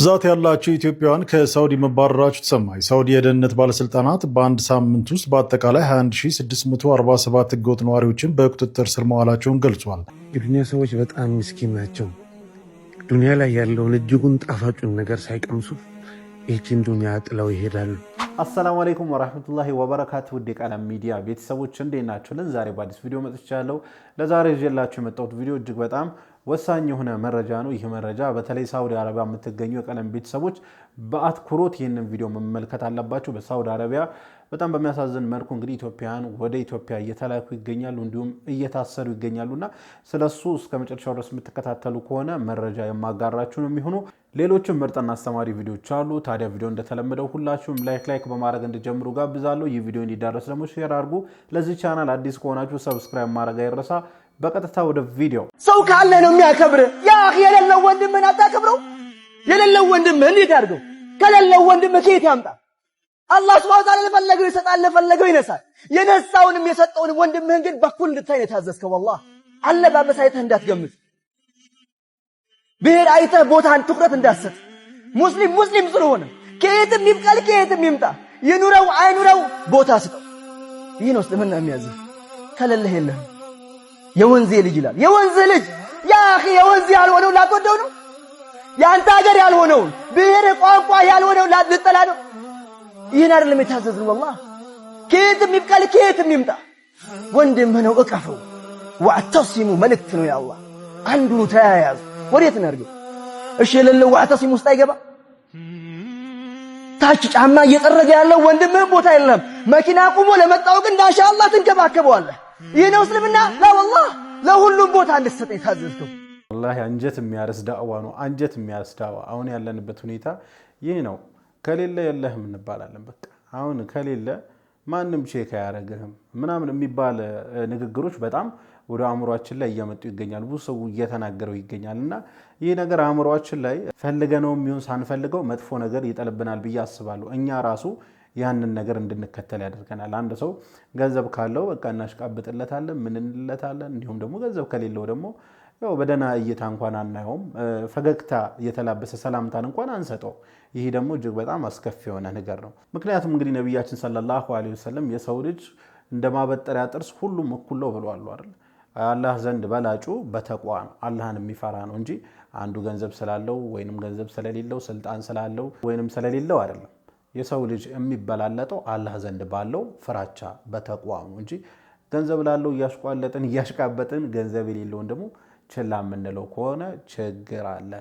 ብዛት ያላቸው ኢትዮጵያውያን ከሳውዲ መባረራቸው ተሰማ። የሳውዲ የደህንነት ባለስልጣናት በአንድ ሳምንት ውስጥ በአጠቃላይ 21647 ህገወጥ ነዋሪዎችን በቁጥጥር ስር መዋላቸውን ገልጿል። የዱኒያ ሰዎች በጣም ምስኪን ናቸው። ዱኒያ ላይ ያለውን እጅጉን ጣፋጩን ነገር ሳይቀምሱ ይህችን ዱኒያ ጥለው ይሄዳሉ። አሰላሙ አለይኩም ወራህመቱላሂ ወበረካቱ። ውድ የቃና ሚዲያ ቤተሰቦች እንዴት ናችሁልን? ዛሬ በአዲስ ቪዲዮ መጥቻለሁ። ለዛሬ ይዤላችሁ የመጣሁት ቪዲዮ እጅግ በጣም ወሳኝ የሆነ መረጃ ነው። ይህ መረጃ በተለይ ሳውዲ አረቢያ የምትገኙ የቀለም ቤተሰቦች በአትኩሮት ይህንን ቪዲዮ መመልከት አለባቸው በሳውዲ አረቢያ በጣም በሚያሳዝን መልኩ እንግዲህ ኢትዮጵያውያን ወደ ኢትዮጵያ እየተላኩ ይገኛሉ፣ እንዲሁም እየታሰሩ ይገኛሉና ስለሱ እስከ መጨረሻው ድረስ የምትከታተሉ ከሆነ መረጃ የማጋራችሁ ነው የሚሆኑ። ሌሎችም ምርጥና አስተማሪ ቪዲዮዎች አሉ። ታዲያ ቪዲዮ እንደተለመደው ሁላችሁም ላይክ ላይክ በማድረግ እንዲጀምሩ ጋብዛለሁ። ይህ ቪዲዮ እንዲዳረስ ደግሞ ሼር አድርጉ። ለዚህ ቻናል አዲስ ከሆናችሁ ሰብስክራይብ ማድረግ አይረሳ። በቀጥታ ወደ ቪዲዮ። ሰው ካለ ነው የሚያከብር። ያ የሌለው ወንድምን አታከብረው። የሌለው ወንድም እንዴት ያድርገው? ከሌለው ወንድም ከየት ያምጣ? አላህ ሱብሓነሁ ወተዓላ ለፈለገው ይሰጣል፣ ለፈለገው ይነሳል። የነሳውንም የሰጠውን ወንድምህን ግን በኩል እንድታይ ነው የታዘዝከው። ወላሂ አለባበስ አይተህ እንዳትገምት፣ ብሔር አይተህ ቦታን ትኩረት እንዳትሰጥ። ሙስሊም ሙስሊም ስለሆነ ከየትም ይብቀል ከየትም ይምጣ፣ ይኑረው አይኑረው ቦታ ስጠው። ይህ ነው እስልምና የሚያዝህ። ከሌለህ የለህም። የወንዜ ልጅ ይላል። የወንዝ ልጅ ያ አኺ የወንዝ ያልሆነውን ላትወደው ነው? የአንተ ሀገር ያልሆነውን ብሔር፣ ቋንቋ ያልሆነውን ልጠላ ነው? ይህን አይደለም የታዘዝን። ወላ ከየት ይብቃል፣ ከየት የሚምጣ ወንድም ነው እቀፈው። ዋዕተሲሙ መልእክት ነው ያላ አንዱ ተያያዙ። ወዴት እናድርገው? እሺ የሌለው ዋዕተሲሙ ውስጥ አይገባ ታች ጫማ እየጠረገ ያለው ወንድምህም ቦታ የለም። መኪና ቁሞ ለመጣው ግን ማሻአላህ ትንከባከበዋለህ። ይህ ነው እስልምና። ላወላህ ለሁሉም ቦታ እንድትሰጠ የታዘዝከው ወላሂ አንጀት የሚያርስ ዳዕዋ ነው። አንጀት የሚያርስ ዳዕዋ። አሁን ያለንበት ሁኔታ ይህ ነው። ከሌለ የለህም እንባላለን። በቃ አሁን ከሌለ ማንም ቼክ አያረግህም ምናምን የሚባል ንግግሮች በጣም ወደ አእምሯችን ላይ እየመጡ ይገኛል። ብዙ ሰው እየተናገረው ይገኛል። እና ይህ ነገር አእምሯችን ላይ ፈልገነው የሚሆን ሳንፈልገው መጥፎ ነገር ይጠልብናል ብዬ አስባለሁ እኛ ራሱ ያንን ነገር እንድንከተል ያደርገናል። አንድ ሰው ገንዘብ ካለው በቃ እናሽቃብጥለታለን፣ ምን እንለታለን። እንዲሁም ደግሞ ገንዘብ ከሌለው ደግሞ ያው በደህና እይታ እንኳን አናየውም። ፈገግታ የተላበሰ ሰላምታን እንኳን አንሰጠው። ይህ ደግሞ እጅግ በጣም አስከፊ የሆነ ነገር ነው። ምክንያቱም እንግዲህ ነቢያችን ሰለላሁ ዐለይሂ ወሰለም የሰው ልጅ እንደ ማበጠሪያ ጥርስ ሁሉም እኩል ነው ብለዋል አይደል? አላህ ዘንድ በላጩ በተቋ ነው፣ አላህን የሚፈራ ነው እንጂ አንዱ ገንዘብ ስላለው ወይንም ገንዘብ ስለሌለው ስልጣን ስላለው ወይንም ስለሌለው አይደለም። የሰው ልጅ የሚበላለጠው አላህ ዘንድ ባለው ፍራቻ በተቋ ነው እንጂ ገንዘብ ላለው እያሽቋለጥን እያሽቃበጥን ገንዘብ የሌለውን ደግሞ ችላ የምንለው ከሆነ ችግር አለ።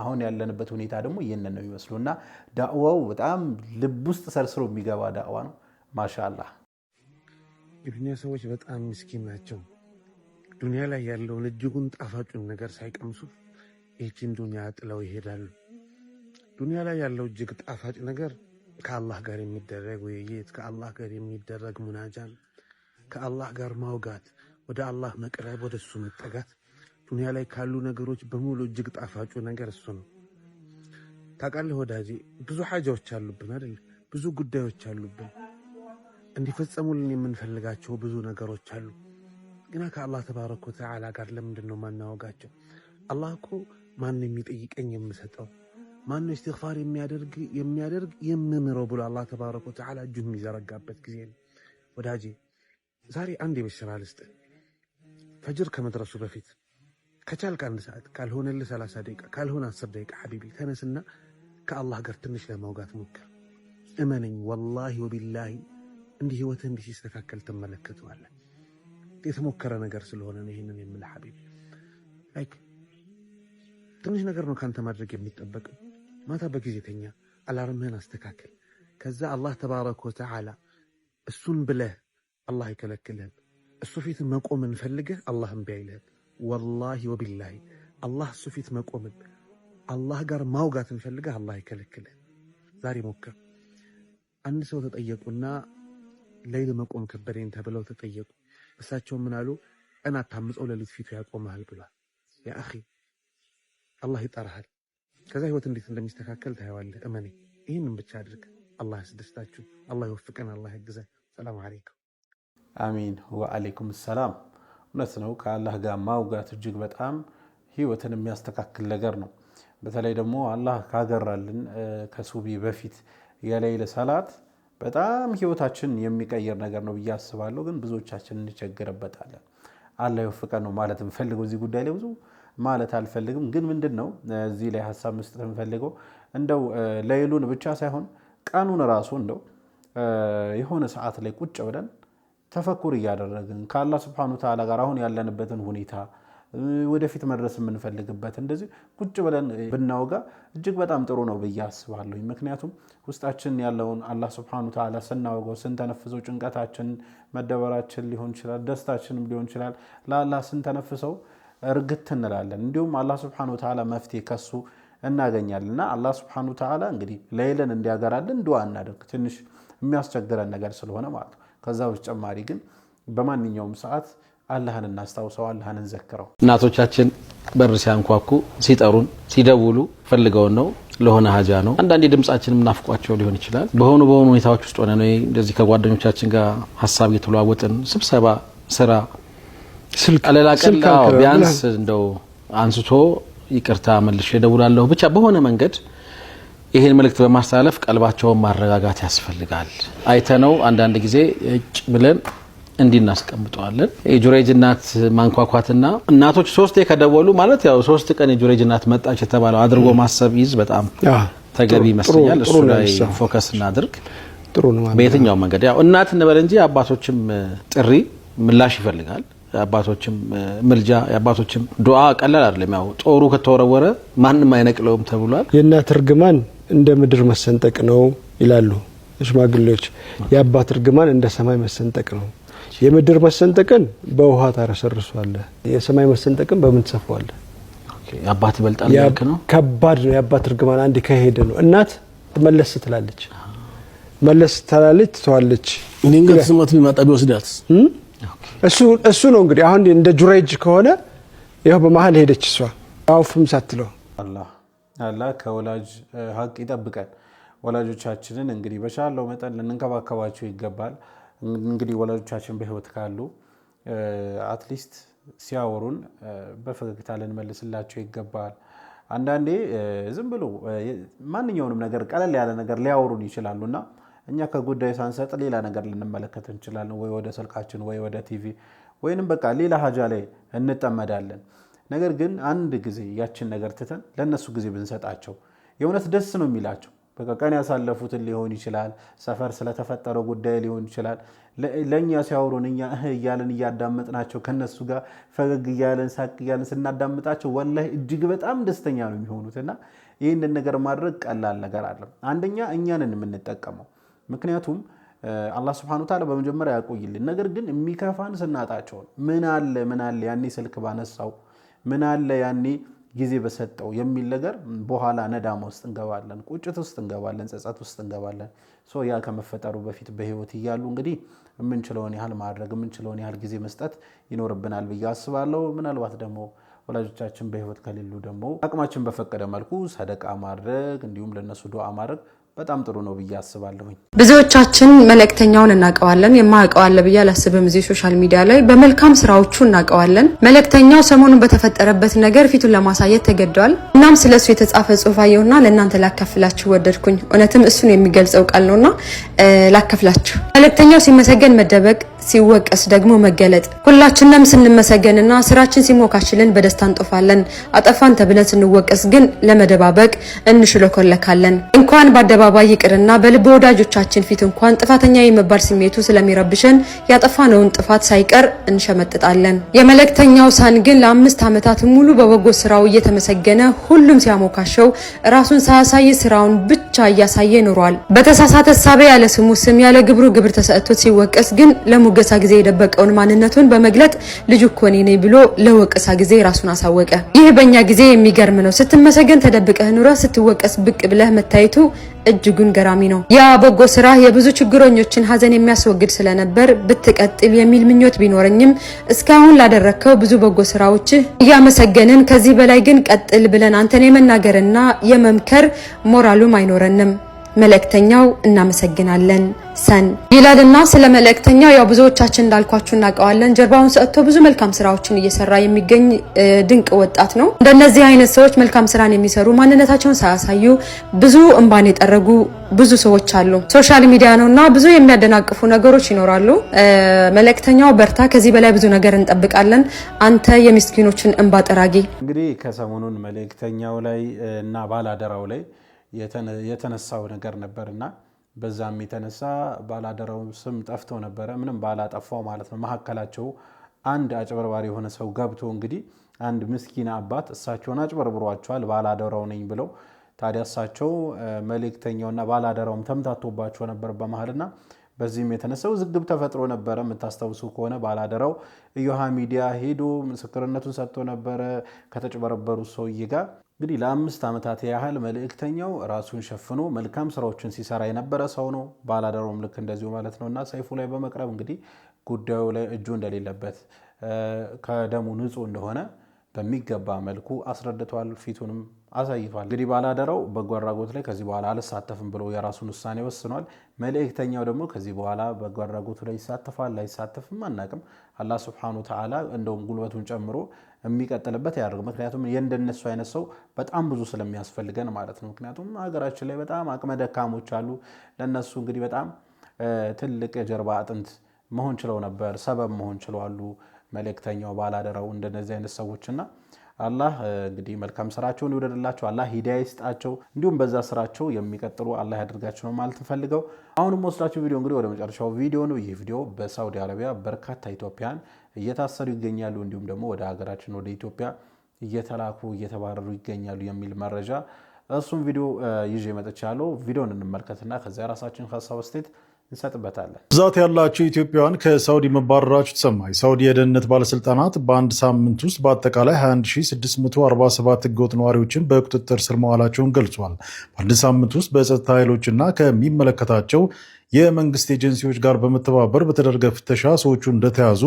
አሁን ያለንበት ሁኔታ ደግሞ ይህንን ነው የሚመስሉ እና ዳዕዋው በጣም ልብ ውስጥ ሰርስሮ የሚገባ ዳዕዋ ነው። ማሻላ የዱኒያ ሰዎች በጣም ምስኪን ናቸው። ዱኒያ ላይ ያለውን እጅጉን ጣፋጩን ነገር ሳይቀምሱ ይህችን ዱኒያ ጥለው ይሄዳሉ። ዱኒያ ላይ ያለው እጅግ ጣፋጭ ነገር ከአላህ ጋር የሚደረግ ውይይት፣ ከአላህ ጋር የሚደረግ ሙናጃን፣ ከአላህ ጋር ማውጋት፣ ወደ አላህ መቅረብ፣ ወደ እሱ መጠጋት ዱንያ ላይ ካሉ ነገሮች በሙሉ እጅግ ጣፋጩ ነገር እሱ ነው። ታውቃለህ ወዳጄ፣ ብዙ ሓጃዎች አሉብን አይደል? ብዙ ጉዳዮች አሉብን፣ እንዲፈጸሙልን የምንፈልጋቸው ብዙ ነገሮች አሉ። ግና ከአላህ ተባረከ ወተዓላ ጋር ለምንድን ነው ማናወጋቸው? አላህ እኮ ማን የሚጠይቀኝ የምሰጠው ማነው እስትግፋር የሚያደርግ የሚያደርግ የምምረው ብሎ አላህ ተባረከ ወተዓላ እጁን የሚዘረጋበት ጊዜ ነው። ወዳጄ ዛሬ አንድ የቤት ስራ ልስጥ። ፈጅር ከመድረሱ በፊት ከቻልክ አንድ ሰዓት ካልሆነልህ ሰላሳ ደቂቃ ካልሆነ አስር ደቂቃ ሐቢቢ ተነስና ከአላህ ጋር ትንሽ ለማውጋት ሞክር። እመነኝ ወላሂ ወቢላሂ እንዲህ ህይወትህ እንዲህ ሲስተካከል ትመለከተዋለህ። የተሞከረ ነገር ስለሆነ ነው ይህንን የምልህ ሐቢቢ። ትንሽ ነገር ነው ከአንተ ማድረግ የሚጠበቅም ማታ በጊዜ ተኛ፣ አላርምህን አስተካክል። ከዛ አላህ ተባረከ ወተዓላ እሱን ብለህ አላህ አይከለክልህም። እሱ ፊት መቆምን ፈልገህ አላህ እምቢ ወላሂ ወቢላሂ አላህ እሱ ፊት መቆምን አላህ ጋር ማውጋትን ፈልገህ አላህ አይከለክልህም። ዛሬ ሞክር። አንድ ሰው ተጠየቁና ሌሊት መቆም ከበደኝ ተብለው ተጠየቁ። እሳቸው ምን አሉ? ቀን አታምፀው ሌሊት ፊቱ ያቆምሃል ብሏል። ያ አኺ አላህ ይጠራሃል ከዛ ህይወት እንዴት እንደሚስተካከል ታየዋለህ። እመኔ ይህንም ብቻ አድርግ። አላህ ያስደስታችሁ፣ አላህ ይወፍቀን፣ አላህ ያግዘን። ሰላም አለይኩም። አሚን ወአለይኩም ሰላም። እውነት ነው ከአላህ ጋር ማውጋት እጅግ በጣም ህይወትን የሚያስተካክል ነገር ነው። በተለይ ደግሞ አላህ ካገራልን ከሱቢ በፊት የሌይል ሰላት በጣም ህይወታችን የሚቀይር ነገር ነው ብዬ አስባለሁ። ግን ብዙዎቻችን እንቸገርበታለን። አላህ ይወፍቀን ነው ማለት የምፈልገው እዚህ ጉዳይ ላይ ብዙ ማለት አልፈልግም። ግን ምንድን ነው እዚህ ላይ ሀሳብ መስጠት የምፈልገው እንደው ለይሉን ብቻ ሳይሆን ቀኑን ራሱ እንደው የሆነ ሰዓት ላይ ቁጭ ብለን ተፈኩር እያደረግን ከአላህ ስብሐኑ ተዓላ ጋር አሁን ያለንበትን ሁኔታ ወደፊት መድረስ የምንፈልግበት እንደዚህ ቁጭ ብለን ብናወጋ እጅግ በጣም ጥሩ ነው ብዬ አስባለሁ። ምክንያቱም ውስጣችን ያለውን አላህ ስብሐኑ ተዓላ ስናወገው ስንተነፍሰው፣ ጭንቀታችን፣ መደበራችን ሊሆን ይችላል፣ ደስታችንም ሊሆን ይችላል ለአላህ ስንተነፍሰው እርግት እንላለን። እንዲሁም አላህ ስብሐነ ወተዓላ መፍትሄ ከሱ እናገኛለን እና አላህ ስብሐነ ወተዓላ እንግዲህ ለይለን እንዲያገራልን ድዋ እናደርግ፣ ትንሽ የሚያስቸግረን ነገር ስለሆነ ማለት ነው። ከዛ በተጨማሪ ግን በማንኛውም ሰዓት አላህን እናስታውሰው፣ አላህን እንዘክረው። እናቶቻችን በር ሲያንኳኩ፣ ሲጠሩን፣ ሲደውሉ ፈልገውን ነው ለሆነ ሀጃ ነው። አንዳንዴ ድምጻችንም ናፍቋቸው ሊሆን ይችላል። በሆኑ በሆኑ ሁኔታዎች ውስጥ ሆነ እንደዚህ ከጓደኞቻችን ጋር ሀሳብ የተለዋወጥን ስብሰባ፣ ስራ ቀለላቀል ቢያንስ እንደው አንስቶ ይቅርታ መልሼ እደውላለሁ ብቻ በሆነ መንገድ ይህን መልእክት በማስተላለፍ ቀልባቸውን ማረጋጋት ያስፈልጋል። አይተነው አንዳንድ ጊዜ እጭ ብለን እንዲህ እናስቀምጠዋለን። የጁሬጅ እናት ማንኳኳትና እናቶች ሶስት ከደወሉ ማለት ያው ሶስት ቀን የጁሬጅ እናት መጣች የተባለው አድርጎ ማሰብ ይዝ በጣም ተገቢ ይመስለኛል። እሱ ላይ ፎከስ እናድርግ። በየትኛው መንገድ ያው እናት እንበል እንጂ አባቶችም ጥሪ ምላሽ ይፈልጋል። የአባቶችም ምልጃ የአባቶችም ዱዓ ቀላል አይደለም። ያው ጦሩ ከተወረወረ ማንም አይነቅለውም ተብሏል። የእናት እርግማን እንደ ምድር መሰንጠቅ ነው ይላሉ ሽማግሌዎች። የአባት እርግማን እንደ ሰማይ መሰንጠቅ ነው። የምድር መሰንጠቅን በውሃ ታረሰርሷለህ፣ የሰማይ መሰንጠቅን በምን ትሰፋዋለህ? አባት ይበልጣል ነው። ከባድ ነው። የአባት እርግማን አንድ ከሄደ ነው። እናት መለስ ትላለች፣ መለስ ትላለች፣ ትተዋለች። እኔ ስማት ቢመጣ ቢወስዳት እሱ ነው እንግዲህ አሁን እንደ ጁሬጅ ከሆነ ያው በመሀል ሄደች እሷ አውፍም ሳትለው። አላህ ከወላጅ ሀቅ ይጠብቀን። ወላጆቻችንን እንግዲህ በቻለው መጠን ልንንከባከባቸው ይገባል። እንግዲህ ወላጆቻችን በህይወት ካሉ አትሊስት ሲያወሩን በፈገግታ ልንመልስላቸው ይገባል። አንዳንዴ ዝም ብሎ ማንኛውንም ነገር ቀለል ያለ ነገር ሊያወሩን እና እኛ ከጉዳዩ ሳንሰጥ ሌላ ነገር ልንመለከት እንችላለን፣ ወይ ወደ ስልካችን፣ ወይ ወደ ቲቪ ወይንም በቃ ሌላ ሀጃ ላይ እንጠመዳለን። ነገር ግን አንድ ጊዜ ያችን ነገር ትተን ለእነሱ ጊዜ ብንሰጣቸው የእውነት ደስ ነው የሚላቸው። በቃ ቀን ያሳለፉትን ሊሆን ይችላል፣ ሰፈር ስለተፈጠረው ጉዳይ ሊሆን ይችላል። ለእኛ ሲያወሩን እኛ እህ እያለን እያዳመጥናቸው ከነሱ ጋር ፈገግ እያለን ሳቅ እያለን ስናዳምጣቸው ወላሂ እጅግ በጣም ደስተኛ ነው የሚሆኑት እና ይህንን ነገር ማድረግ ቀላል ነገር አለም። አንደኛ እኛንን የምንጠቀመው ምክንያቱም አላህ ስብሐነ ወተዓላ በመጀመሪያ ያቆይልን። ነገር ግን የሚከፋን ስናጣቸው ምን አለ ምን አለ ያኔ ስልክ ባነሳው ምን አለ ያኔ ጊዜ በሰጠው የሚል ነገር በኋላ ነዳማ ውስጥ እንገባለን፣ ቁጭት ውስጥ እንገባለን፣ ጸጸት ውስጥ እንገባለን። ያ ከመፈጠሩ በፊት በህይወት እያሉ እንግዲህ የምንችለውን ያህል ማድረግ የምንችለውን ያህል ጊዜ መስጠት ይኖርብናል ብዬ አስባለሁ። ምናልባት ደግሞ ወላጆቻችን በህይወት ከሌሉ ደግሞ አቅማችን በፈቀደ መልኩ ሰደቃ ማድረግ እንዲሁም ለእነሱ ዱዓ ማድረግ በጣም ጥሩ ነው ብዬ አስባለሁኝ። ብዙዎቻችን መለእክተኛውን እናውቀዋለን። የማያውቀዋለ ብዬ አላስብም። እዚህ ሶሻል ሚዲያ ላይ በመልካም ስራዎቹ እናውቀዋለን። መለእክተኛው ሰሞኑን በተፈጠረበት ነገር ፊቱን ለማሳየት ተገደዋል። እናም ስለ እሱ የተጻፈ ጽሁፍ አየሁና ለእናንተ ላካፍላችሁ ወደድኩኝ። እውነትም እሱን የሚገልጸው ቃል ነውና ላካፍላችሁ። መለክተኛው ሲመሰገን መደበቅ ሲወቀስ ደግሞ መገለጥ። ሁላችንም ስንመሰገንና ስራችን ሲሞካችልን በደስታ እንጦፋለን። አጠፋን ተብለን ስንወቀስ ግን ለመደባበቅ እንሽለኮለካለን። እንኳን በአደባባይ ይቅርና በልብ ወዳጆቻችን ፊት እንኳን ጥፋተኛ የመባል ስሜቱ ስለሚረብሸን ያጠፋነውን ጥፋት ሳይቀር እንሸመጥጣለን። የመልእክተኛው ሳን ግን ለአምስት ዓመታት ሙሉ በበጎ ስራው እየተመሰገነ ሁሉም ሲያሞካሸው ራሱን ሳያሳይ ስራውን ብቻ እያሳየ ኑሯል። በተሳሳተ ሳቢያ ያለ ስሙ ስም ያለ ግብሩ ግብር ተሰጥቶት ሲወቀስ ግን ለሙ በሙገሳ ጊዜ የደበቀውን ማንነቱን በመግለጥ ልጁ እኮ እኔ ነኝ ብሎ ለወቀሳ ጊዜ ራሱን አሳወቀ። ይህ በእኛ ጊዜ የሚገርም ነው። ስትመሰገን ተደብቀህ ኑረ፣ ስትወቀስ ብቅ ብለህ መታየቱ እጅጉን ገራሚ ነው። ያ በጎ ስራ የብዙ ችግረኞችን ሀዘን የሚያስወግድ ስለነበር ብትቀጥል የሚል ምኞት ቢኖረኝም እስካሁን ላደረግከው ብዙ በጎ ስራዎች እያመሰገንን ከዚህ በላይ ግን ቀጥል ብለን አንተን የመናገርና የመምከር ሞራሉም አይኖረንም። መልእክተኛው እናመሰግናለን ሰን ይላልና ስለ መልእክተኛው ያው ብዙዎቻችን እንዳልኳችሁ እናውቀዋለን። ጀርባውን ሰጥቶ ብዙ መልካም ስራዎችን እየሰራ የሚገኝ ድንቅ ወጣት ነው። እንደነዚህ አይነት ሰዎች መልካም ስራን የሚሰሩ ማንነታቸውን ሳያሳዩ ብዙ እንባን የጠረጉ ብዙ ሰዎች አሉ። ሶሻል ሚዲያ ነው እና ብዙ የሚያደናቅፉ ነገሮች ይኖራሉ። መልእክተኛው በርታ፣ ከዚህ በላይ ብዙ ነገር እንጠብቃለን። አንተ የምስኪኖችን እንባ ጠራጊ። እንግዲህ ከሰሞኑን መልእክተኛው ላይ እና ባላደራው ላይ የተነሳው ነገር ነበር እና በዛም የተነሳ ባላደራው ስም ጠፍቶ ነበረ። ምንም ባላጠፋው ማለት ነው። መካከላቸው አንድ አጭበርባሪ የሆነ ሰው ገብቶ እንግዲህ አንድ ምስኪን አባት እሳቸውን አጭበርብሯቸዋል ባላደራው ነኝ ብለው ታዲያ እሳቸው መልእክተኛውና ባላደራውም ተምታቶባቸው ነበር በመሀልና በዚህም የተነሳው ዝግብ ተፈጥሮ ነበረ። የምታስታውሱ ከሆነ ባላደራው እዮሃ ሚዲያ ሄዶ ምስክርነቱን ሰጥቶ ነበረ ከተጭበረበሩ ሰውዬ ጋር። እንግዲህ ለአምስት ዓመታት ያህል መልእክተኛው ራሱን ሸፍኖ መልካም ስራዎችን ሲሰራ የነበረ ሰው ነው። ባላደራውም ልክ እንደዚሁ ማለት ነው እና ሰይፉ ላይ በመቅረብ እንግዲህ ጉዳዩ ላይ እጁ እንደሌለበት ከደሙ ንጹህ እንደሆነ በሚገባ መልኩ አስረድቷል። ፊቱንም አሳይቷል። እንግዲህ ባላደራው በጎ አድራጎት ላይ ከዚህ በኋላ አልሳተፍም ብሎ የራሱን ውሳኔ ወስኗል። መልእክተኛው ደግሞ ከዚህ በኋላ በጎ አድራጎቱ ላይ ይሳተፋል ላይሳተፍም አናቅም። አላህ ስብሐኑ ተዓላ እንደውም ጉልበቱን ጨምሮ የሚቀጥልበት ያደርግ። ምክንያቱም የእንደነሱ አይነት ሰው በጣም ብዙ ስለሚያስፈልገን ማለት ነው። ምክንያቱም ሀገራችን ላይ በጣም አቅመ ደካሞች አሉ። ለእነሱ እንግዲህ በጣም ትልቅ የጀርባ አጥንት መሆን ችለው ነበር፣ ሰበብ መሆን ችለዋሉ። መልእክተኛው ባላደራው እንደነዚህ አይነት ሰዎችና አላህ እንግዲህ መልካም ስራቸውን ይውደድላቸው፣ አላህ ሂዳያ ይስጣቸው፣ እንዲሁም በዛ ስራቸው የሚቀጥሉ አላህ ያደርጋቸው ነው ማለት እንፈልገው። አሁንም ወስዳቸው ቪዲዮ እንግዲህ ወደ መጨረሻው ቪዲዮ ነው። ይህ ቪዲዮ በሳውዲ አረቢያ በርካታ ኢትዮጵያን እየታሰሩ ይገኛሉ፣ እንዲሁም ደግሞ ወደ ሀገራችን ወደ ኢትዮጵያ እየተላኩ እየተባረሩ ይገኛሉ የሚል መረጃ እሱም ቪዲዮ ይዤ መጥቻለሁ። ቪዲዮን እንመልከትና ከዚያ የራሳችን ሀሳብ ስቴት እንሰጥበታለን። ብዛት ያላቸው ኢትዮጵያውያን ከሳውዲ መባረራቸው ተሰማ። የሳውዲ የደህንነት ባለስልጣናት በአንድ ሳምንት ውስጥ በአጠቃላይ 21647 ህገወጥ ነዋሪዎችን በቁጥጥር ስር መዋላቸውን ገልጿል። በአንድ ሳምንት ውስጥ በጸጥታ ኃይሎችና ከሚመለከታቸው የመንግስት ኤጀንሲዎች ጋር በመተባበር በተደረገ ፍተሻ ሰዎቹ እንደተያዙ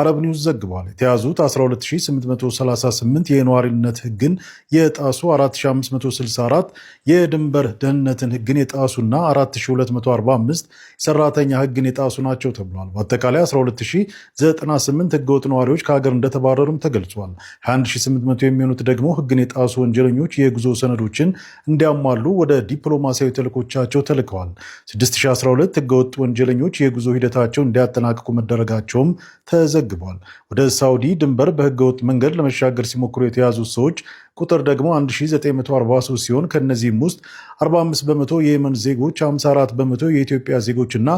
አረብ ኒውስ ዘግቧል። የተያዙት 12838 የነዋሪነት ህግን የጣሱ 4564 የድንበር ደህንነትን ህግን የጣሱና 4245 ሰራተኛ ህግን የጣሱ ናቸው ተብሏል። በአጠቃላይ 12098 ህገወጥ ነዋሪዎች ከሀገር እንደተባረሩም ተገልጿል። 1800 የሚሆኑት ደግሞ ህግን የጣሱ ወንጀለኞች የጉዞ ሰነዶችን እንዲያሟሉ ወደ ዲፕሎማሲያዊ ተልኮቻቸው ተልከዋል። 6012 ህገወጥ ወንጀለኞች የጉዞ ሂደታቸው እንዲያጠናቅቁ መደረጋቸውም ተዘ ዘግቧል። ወደ ሳውዲ ድንበር በህገወጥ መንገድ ለመሻገር ሲሞክሩ የተያዙ ሰዎች ቁጥር ደግሞ 1943 ሲሆን ከእነዚህም ውስጥ 45 በመቶ የየመን ዜጎች፣ 54 በመቶ የኢትዮጵያ ዜጎች እና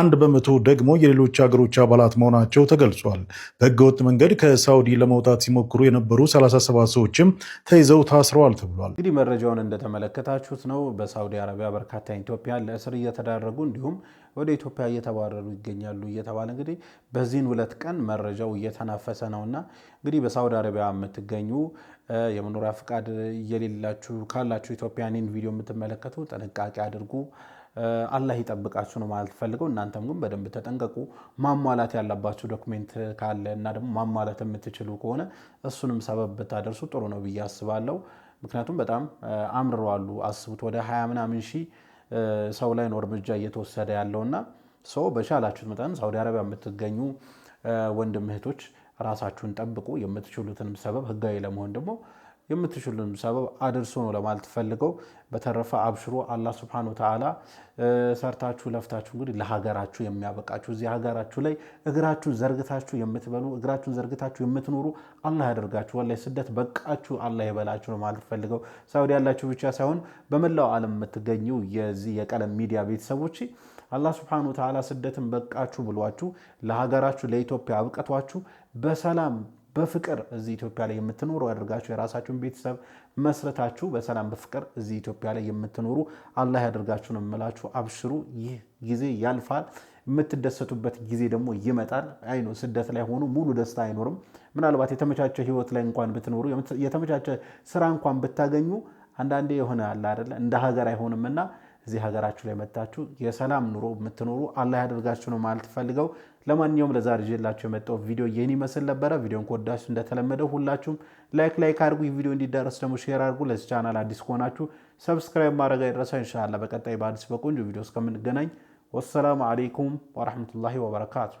አንድ በመቶ ደግሞ የሌሎች ሀገሮች አባላት መሆናቸው ተገልጿል። በህገወጥ መንገድ ከሳውዲ ለመውጣት ሲሞክሩ የነበሩ 37 ሰዎችም ተይዘው ታስረዋል ተብሏል። እንግዲህ መረጃውን እንደተመለከታችሁት ነው። በሳውዲ አረቢያ በርካታ ኢትዮጵያ ለእስር እየተዳረጉ እንዲሁም ወደ ኢትዮጵያ እየተባረሩ ይገኛሉ እየተባለ እንግዲህ በዚህን ሁለት ቀን መረጃው እየተናፈሰ ነውና እንግዲህ በሳውዲ አረቢያ የምትገኙ የመኖሪያ ፍቃድ እየሌላችሁ ካላችሁ ኢትዮጵያንን ቪዲዮ የምትመለከቱ ጥንቃቄ አድርጉ። አላህ ይጠብቃችሁ ነው ማለት ፈልገው። እናንተም ግን በደንብ ተጠንቀቁ። ማሟላት ያለባችሁ ዶክሜንት ካለ እና ደግሞ ማሟላት የምትችሉ ከሆነ እሱንም ሰበብ ብታደርሱ ጥሩ ነው ብዬ አስባለሁ። ምክንያቱም በጣም አምርሯሉ። አስቡት ወደ ሀያ ምናምን ሺህ ሰው ላይ ነው እርምጃ እየተወሰደ ያለውና ሰው በቻላችሁት መጠን ሳውዲ አረቢያ የምትገኙ ወንድም እህቶች ራሳችሁን ጠብቁ። የምትችሉትንም ሰበብ ህጋዊ ለመሆን ደግሞ የምትችሉንም ሰበብ አድርሶ ነው ለማለት ፈልገው። በተረፈ አብሽሮ አላህ ስብሐነሁ ወተዓላ ሰርታችሁ ለፍታችሁ እንግዲህ ለሀገራችሁ የሚያበቃችሁ እዚህ ሀገራችሁ ላይ እግራችሁ ዘርግታችሁ የምትበሉ እግራችሁን ዘርግታችሁ የምትኖሩ አላህ ያደርጋችሁ። ወላሂ ስደት በቃችሁ፣ አላህ ይበላችሁ ነው ማለት ፈልገው። ሳውዲ ያላችሁ ብቻ ሳይሆን በመላው ዓለም የምትገኙ የዚህ የቀለም ሚዲያ ቤተሰቦች አላህ ስብሐነሁ ወተዓላ ስደትን በቃችሁ ብሏችሁ ለሀገራችሁ ለኢትዮጵያ አብቀቷችሁ በሰላም በፍቅር እዚህ ኢትዮጵያ ላይ የምትኖሩ ያደርጋችሁ የራሳችሁን ቤተሰብ መስረታችሁ በሰላም በፍቅር እዚህ ኢትዮጵያ ላይ የምትኖሩ አላህ ያደርጋችሁ ነው የምላችሁ። አብሽሩ፣ ይህ ጊዜ ያልፋል። የምትደሰቱበት ጊዜ ደግሞ ይመጣል። አይ ስደት ላይ ሆኖ ሙሉ ደስታ አይኖርም። ምናልባት የተመቻቸ ህይወት ላይ እንኳን ብትኖሩ የተመቻቸ ስራ እንኳን ብታገኙ አንዳንዴ የሆነ አለ አይደለ እንደ ሀገር አይሆንምና እዚህ ሀገራችሁ ላይ መታችሁ የሰላም ኑሮ የምትኖሩ አላህ ያደርጋችሁ ነው ማለት ፈልገው። ለማንኛውም ለዛሬ ይዤላችሁ የመጣው ቪዲዮ ይህን ይመስል ነበረ። ቪዲዮን ከወዳችሁ እንደተለመደው ሁላችሁም ላይክ ላይክ አድርጉ። ይህ ቪዲዮ እንዲዳረስ ደግሞ ሼር አድርጉ። ለዚ ቻናል አዲስ ከሆናችሁ ሰብስክራይብ ማድረግ አይረሳ። ኢንሻላህ በቀጣይ በአዲስ በቆንጆ ቪዲዮ እስከምንገናኝ ወሰላሙ አሌይኩም ወረሕመቱላሂ ወበረካቱ።